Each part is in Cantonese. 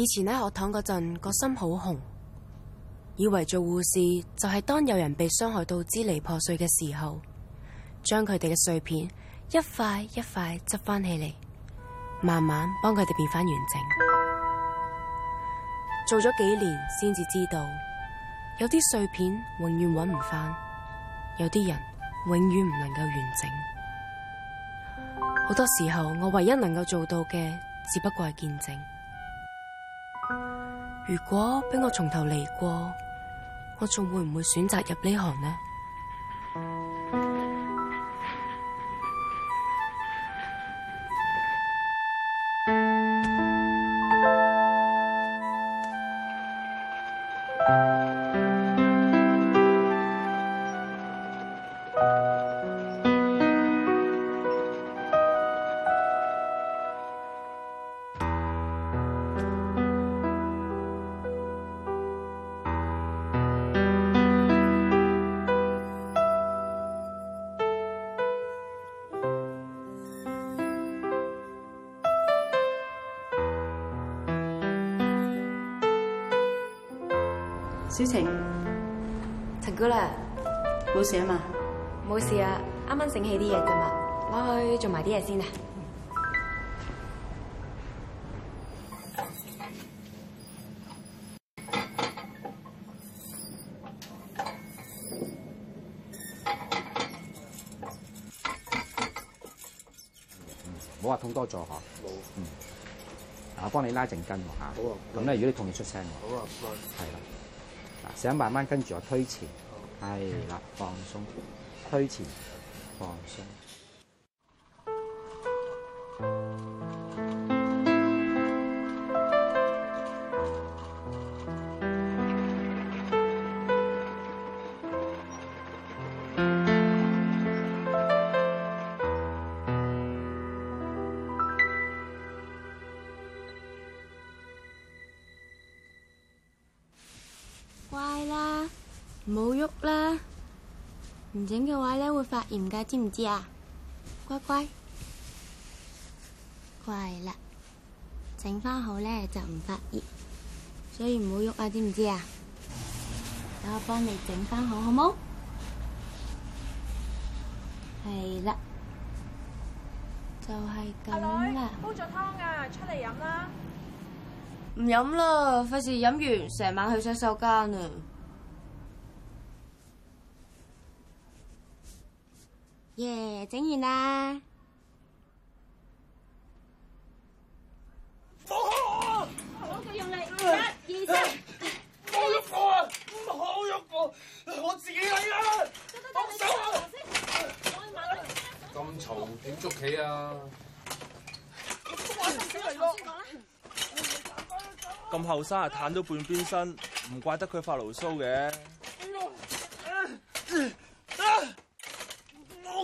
以前喺學堂嗰陣個心好紅，以為做護士就係當有人被傷害到支離破碎嘅時候，將佢哋嘅碎片一塊一塊執翻起嚟，慢慢幫佢哋變翻完整。做咗幾年先至知道，有啲碎片永遠揾唔翻，有啲人永遠唔能夠完整。好多時候，我唯一能夠做到嘅，只不過係見證。如果畀我重頭嚟過，我仲會唔會選擇入呢行呢？小晴，陳姑娘，冇事啊嘛？冇事啊，啱啱醒起啲嘢啫嘛，攞去做埋啲嘢先啊。唔好話痛多咗嚇，有嗯，我幫你拉陣筋喎啊，咁咧，對如果你痛你出聲喎，好啊，好啊，係啦。想慢慢跟住我推前，係啦，放鬆，推前，放鬆。整嘅話咧會發炎噶，知唔知啊？乖乖，乖啦，整翻好咧就唔發炎，所以唔好喐啊，知唔知啊？等我幫你整翻好，好冇？係啦，就係咁啦。阿女，煲咗湯噶，出嚟飲啦！唔飲啦，費事飲完成晚去洗手間啊！耶，整完啦！放下我，好用力！一二三，唔好喐我啊！唔好喐我，我自己嚟啦！放手啊！咁嘈點捉棋啊？咁後生啊，癱咗半邊身，唔怪得佢發牢騷嘅。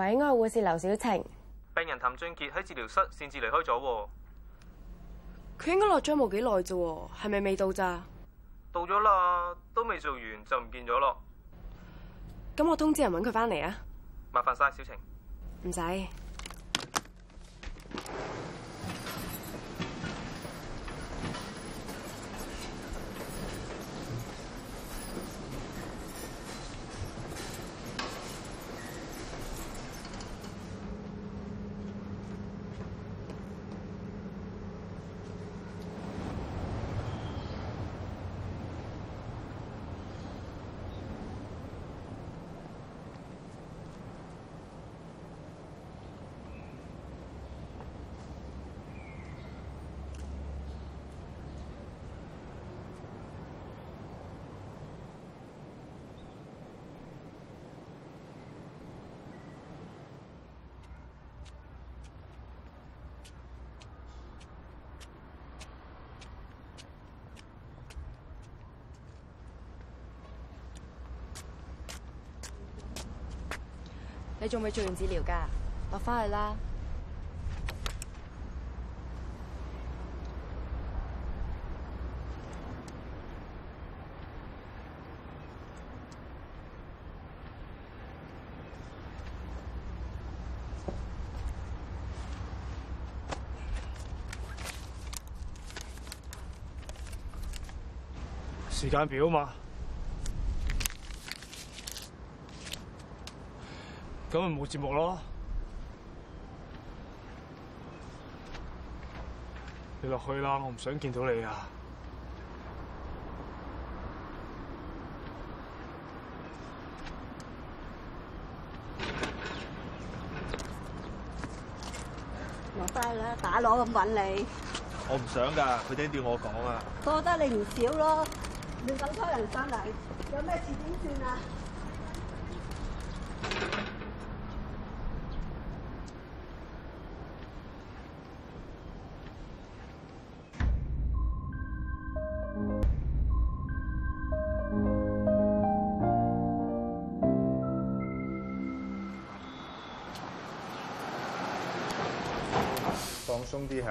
喂，我係護士劉小晴。病人談俊傑喺治療室擅自離開咗，佢應該落咗冇幾耐啫，係咪未到咋？到咗啦，都未做完就唔見咗咯。咁我通知人搵佢返嚟啊！麻煩晒，小晴。唔使。你仲未做完治療噶？落翻去啦。時間表嘛。咁咪冇節目咯！你落去啦，我唔想見到你啊！落班啦，打攞咁搵你，我唔想㗎，佢聽住我講啊！多得你唔少咯，你咁拖人生嚟，有咩事點算啊？兄弟嚇，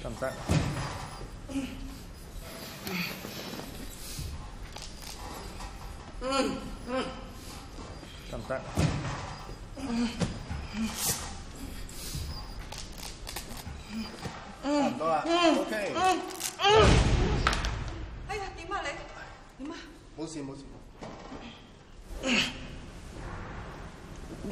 得唔得？嗯嗯，得唔得？嗯嗯，嗯多啦，OK。哎呀點啊你？點啊？冇事冇事。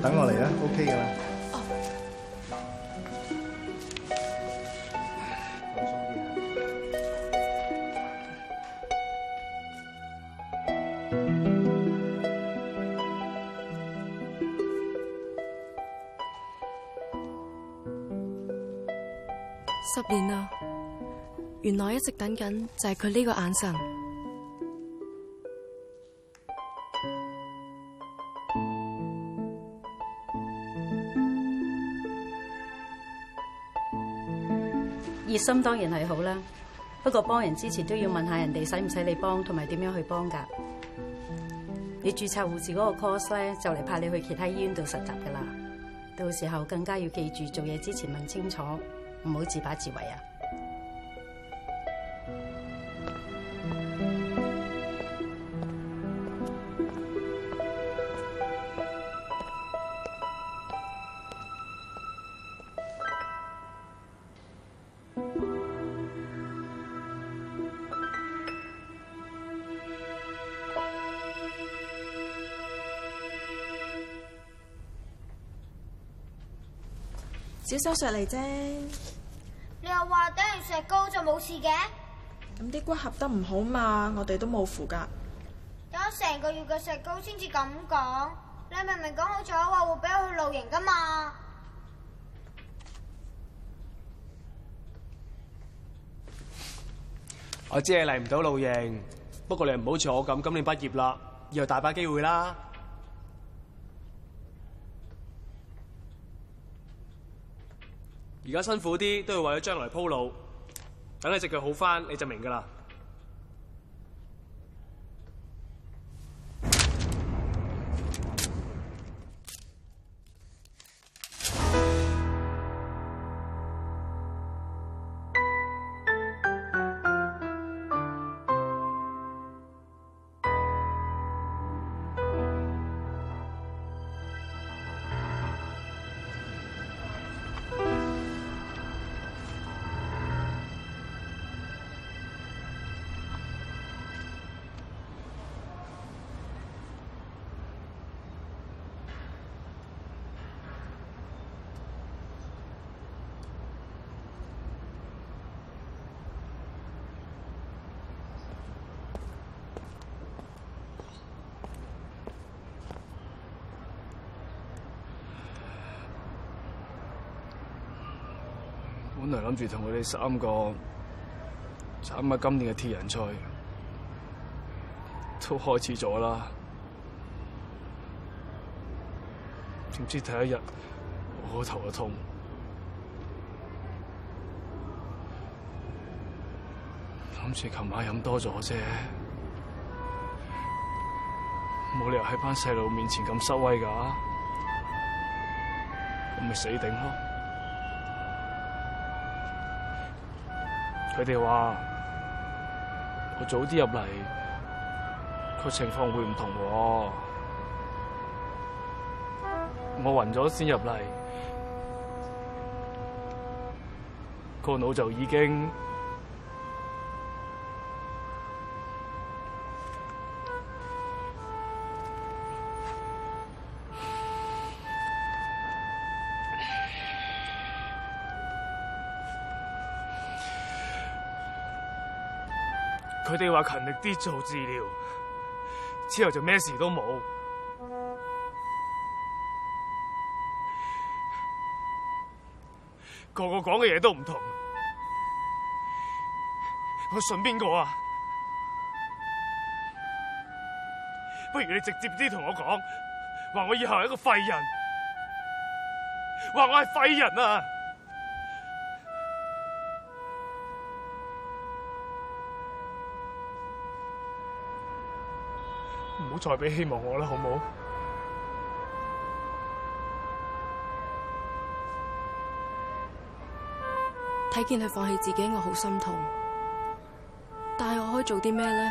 等我嚟啦，OK 㗎喇。Oh. 十年啦，原來一直等緊就係佢呢個眼神。心當然係好啦，不過幫人之前都要問下人哋使唔使你幫，同埋點樣去幫㗎？你註冊護士個 course 咧，就嚟派你去其他醫院度實習㗎啦。到時候更加要記住，做嘢之前問清楚，唔好自把自為啊！小手術嚟啫，你又話等人石膏就冇事嘅？咁啲骨合得唔好嘛，我哋都冇符噶。等咗成個月嘅石膏先至咁講，你明明講好咗話會俾我去露營噶嘛？我知你嚟唔到露營，不過你唔好似我咁，今年畢業啦，以後大把機會啦。而家辛苦啲，都要為咗將來鋪路。等你隻腳好返，你就明噶啦。本來諗住同佢哋三個參加今年嘅鐵人賽，都開始咗啦。點知第一日我頭就痛，諗住琴晚飲多咗啫，冇理由喺班細路面前咁失威噶，咁咪死定咯！佢哋話我早啲入嚟，個情況會唔同。我暈咗先入嚟，個腦就已經。你哋話勤力啲做治療，之後就咩事都冇。個個講嘅嘢都唔同，我信邊個啊？不如你直接啲同我講，話我以後係一個廢人，話我係廢人啊！再俾希望我啦，好冇？睇見佢放棄自己，我好心痛，但係我可以做啲咩呢？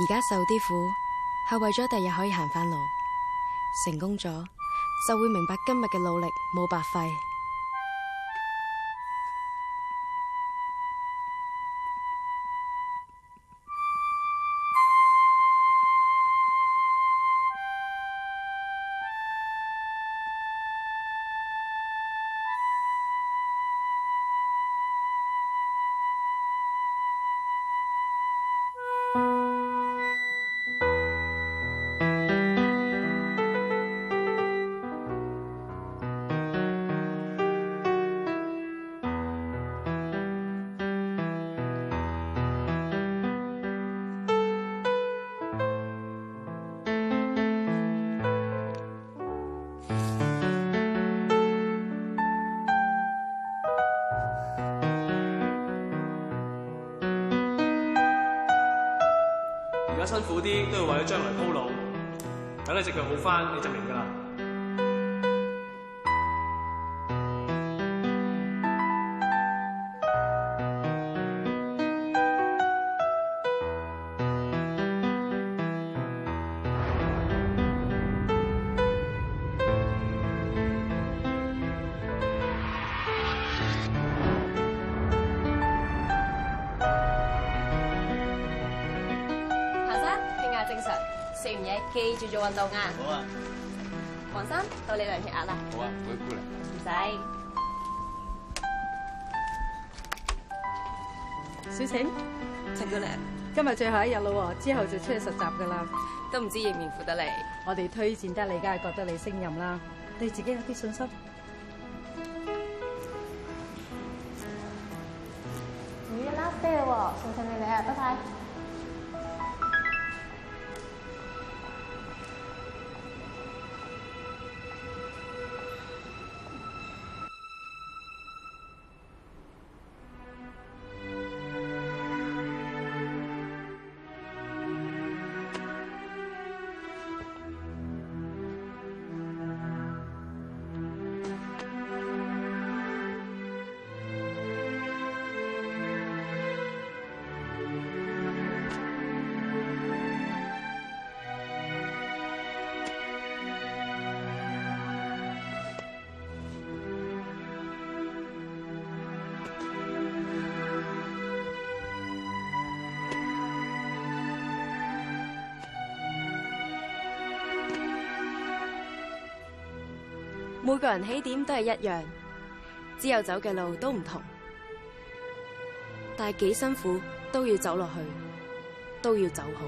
而家受啲苦，係為咗第日可以行返路。成功咗，就會明白今日嘅努力冇白費。好啲都要為咗將來鋪路，等你隻腳好返，你就明。記住做運動啊！好啊，黃生到你量血壓啦！好啊，唔該。唔使。小晴，陳俊良，今日最後一日啦，之後就出去實習噶啦，都唔知應唔應付得嚟。我哋推薦得你，梗係覺得你勝任啦，對自己有啲信心。你啲 last day 喎，深深你哋啊，拜拜。每個人起點都係一樣，只有走嘅路都唔同，但係幾辛苦都要走落去，都要走好。